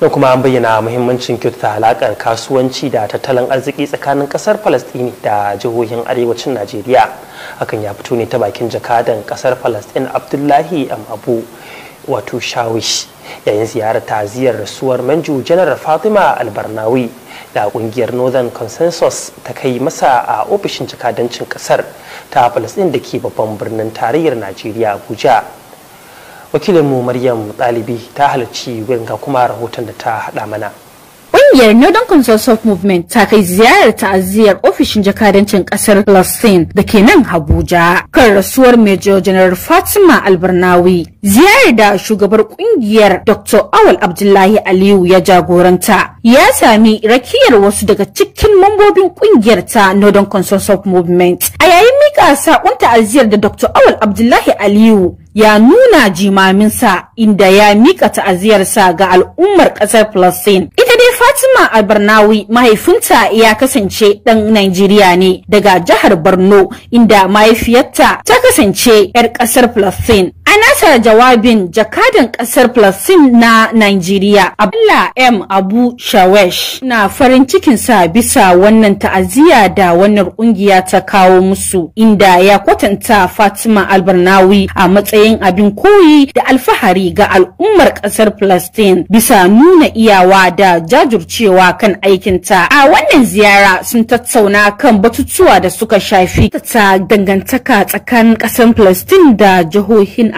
Na kuma an bayyana muhimmancin ta alakar kasuwanci da tattalin arziki tsakanin kasar palestine da jihohin arewacin najeriya hakan ya fito ne ta bakin jakadan kasar palestine abdullahi amabu wato shawish yayin ziyarar taziyar rasuwar manju janar fatima albarnawi da kungiyar northern consensus ta kai masa a ofishin jakadancin kasar ta palestine da ke babban birnin tarayyar najeriya abuja wakilinmu maryam ɗalibi ta halarci wurin ga kuma rahoton da ta haɗa mana Ƙungiyar Northern Consensus Movement ta kai ziyarar ta'aziyyar ofishin jakadancin ƙasar Palestine da ke nan Abuja kan rasuwar Major General Fatima Albarnawi. Ziyarar da shugabar ƙungiyar Dr. Awal Abdullahi Aliyu ya jagoranta ya sami rakiyar wasu daga cikin mambobin ƙungiyar ta Northern Consensus Movement. A yayin Hakika sakon ta'aziyar da Dr. Awal Abdullahi Aliyu ya nuna jimamin sa inda ya mika ta'aziyarsa ga al'ummar ƙasar Palestine. Ita dai Fatima Albarnawi mahaifinta ya kasance ɗan Najeriya ne daga jihar Borno inda mahaifiyarta ta kasance 'yar ƙasar Palestine. nasa jawabin jakadan kasar filastin na Nigeria, Abdullah M. Abu Shawesh na farin cikin sa bisa wannan ta'aziyya da wannan kungiya ta kawo musu inda ya kwatanta Fatima Albarnawi a matsayin abin koyi da alfahari ga al'ummar kasar Palestine bisa nuna iyawa da jajircewa kan aikin ta A wannan ziyara sun tattauna kan batutuwa da suka shafi ta dangantaka tsakanin kasar Palestine da jihohin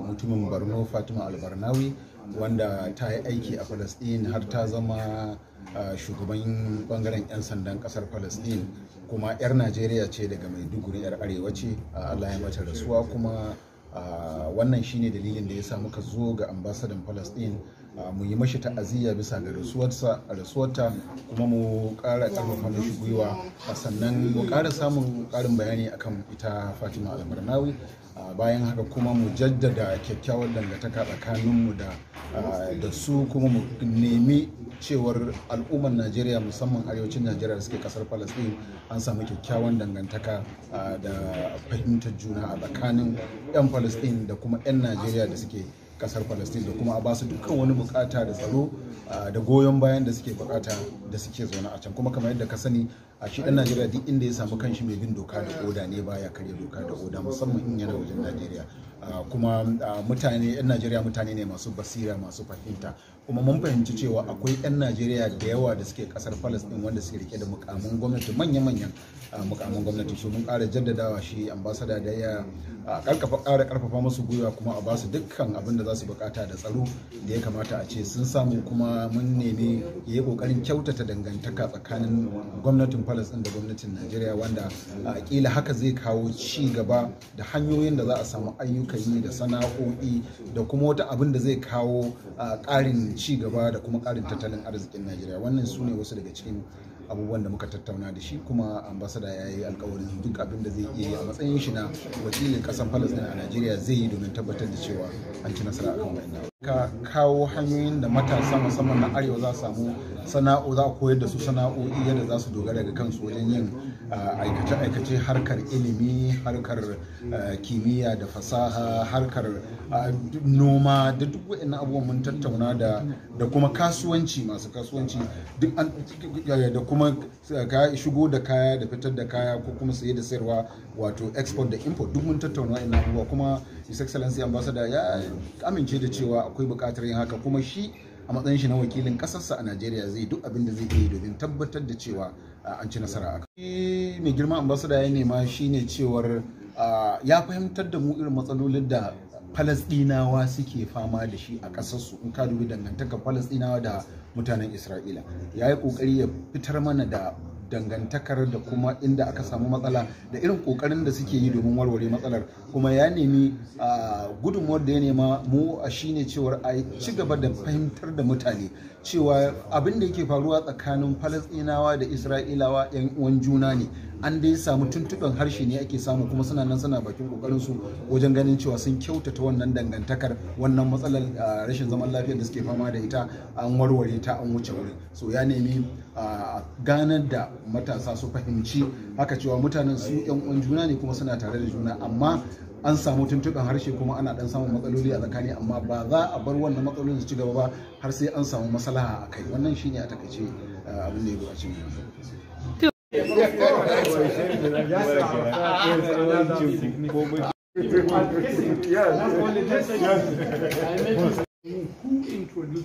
mutumin borno fatima albarnawi wanda ta yi aiki a palestine har ta zama ah, shugaban bangaren 'yan sandan kasar palestine kuma 'yar najeriya ce daga maiduguri 'yar arewa ce ah, allah ya mata rasuwa kuma ah, wannan shine dalilin da ya sa muka zo ga ambasadan palestine mu yi mashi ta'aziyya bisa ga rasuwarta kuma mu ƙara ƙarfafa mashi gwiwa sannan mu ƙara samun ƙarin bayani akan ita fatima albarnawi bayan haka kuma mu jaddada kyakkyawar dangantaka tsakaninmu da ah, da su kuma mu nemi cewar al'ummar najeriya musamman arewacin najeriya da suke kasar palestine an samu kyakkyawan dangantaka ah, da fahimtar juna a tsakanin 'yan palestine da kuma 'yan najeriya da suke kasar palestine da kuma a basu dukkan wani bukata da tsaro da goyon bayan da suke bukata da suke zaune a can kuma kamar yadda ka sani a shi dan najeriya duk inda ya samu kanshi mai bin doka da oda ne baya karya doka da oda musamman in yana wajen najeriya kuma mutane yan najeriya mutane ne masu basira masu fahimta kuma mun fahimci cewa akwai 'yan najeriya da yawa da suke kasar palestine wanda suke rike da mukamin gwamnati manya-manyan ah, mukamin gwamnati su mun kara jaddadawa shi ambasada da ya kara ah, karfafa musu gwiwa kuma a basu dukkan abin da za su bukata da tsaro da ya kamata a ce sun samu kuma mun nemi ya yi kokarin kyautata dangantaka tsakanin gwamnatin palestine da gwamnatin najeriya wanda kila ah, haka zai kawo ci gaba da hanyoyin da za a samu ayyukan yi da sana'o'i da kuma wata abin da zai kawo ƙarin ci gaba da kuma karin tattalin arzikin Najeriya wannan su ne wasu daga cikin abubuwan da muka tattauna da shi kuma ambasada ya yi alkawarin duk abin da zai iya yi a matsayin shi na wakilin kasan palestine a najeriya zai yi domin tabbatar da cewa an ci nasara akan wani ka kawo hanyoyin da matasa musamman na arewa za samu sana'o za a koyar da su sana'o'i yadda za su dogara ga kansu wajen yin aikace-aikace harkar ilimi harkar kimiyya da fasaha harkar noma da duk wani abubuwan mun tattauna da kuma kasuwanci masu kasuwanci da kuma kuma eh, shigo da kaya da fitar da kaya ko kuma saye da sayarwa wato export da import duk mun tattauna ina abubuwa kuma his excellency ambassador ya amince da cewa akwai buƙatar yin haka kuma shi a matsayin shi na wakilin kasarsa a Najeriya zai duk abin da zai iya domin tabbatar da cewa eh, an ci nasara a kai. Mai girma ambasada ya nema shine cewar eh, ya fahimtar da mu irin matsalolin da falasdinawa suke fama da shi a ƙasarsu in ka dubi dangantakar falasdinawa da mutanen isra'ila ya yi ƙoƙari ya fitar mana da dangantakar da kuma inda aka samu matsala da irin kokarin da suke yi domin warware matsalar kuma ya nemi gudunmuwar da ya nema mu a shine cewar a ci gaba da fahimtar da mutane cewa abin da yake faruwa tsakanin falasɗinawa da isra'ilawa 'yan uwan juna ne an dai samu tuntuɓen harshe ne ake samu kuma suna nan suna bakin kokarin su wajen ganin cewa sun kyautata wannan dangantakar wannan matsalar rashin zaman lafiyar da suke fama da ita an warware ta an wuce wurin so ya nemi ganar da matasa su fahimci haka cewa mutanen su yan uwan juna ne kuma suna tare da juna amma an samu tuntuɓen harshe kuma ana dan samun matsaloli a tsakani amma ba za a bar wannan matsalolin su ci gaba ba har sai an samu maslaha a kai wannan shine a takaice abin da ya buƙaci Who introduced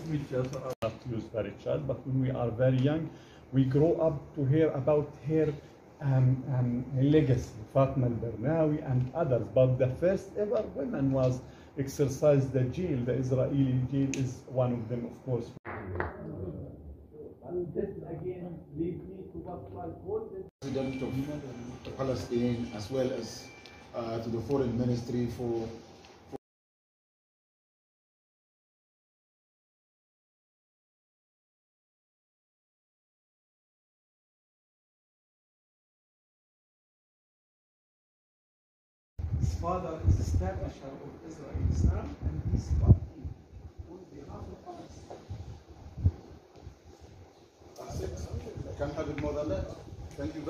me to use very child, but when we are very young, we grow up to hear about her um, um, legacy, Fatma al-Bernawi and others. But the first ever woman was exercised the jail, the Israeli jail is one of them, of course. And this again leads President of the Palestine as well as uh, to the Foreign Ministry for father is the of Israel Islam and party on behalf of can have it more than that. Thank you.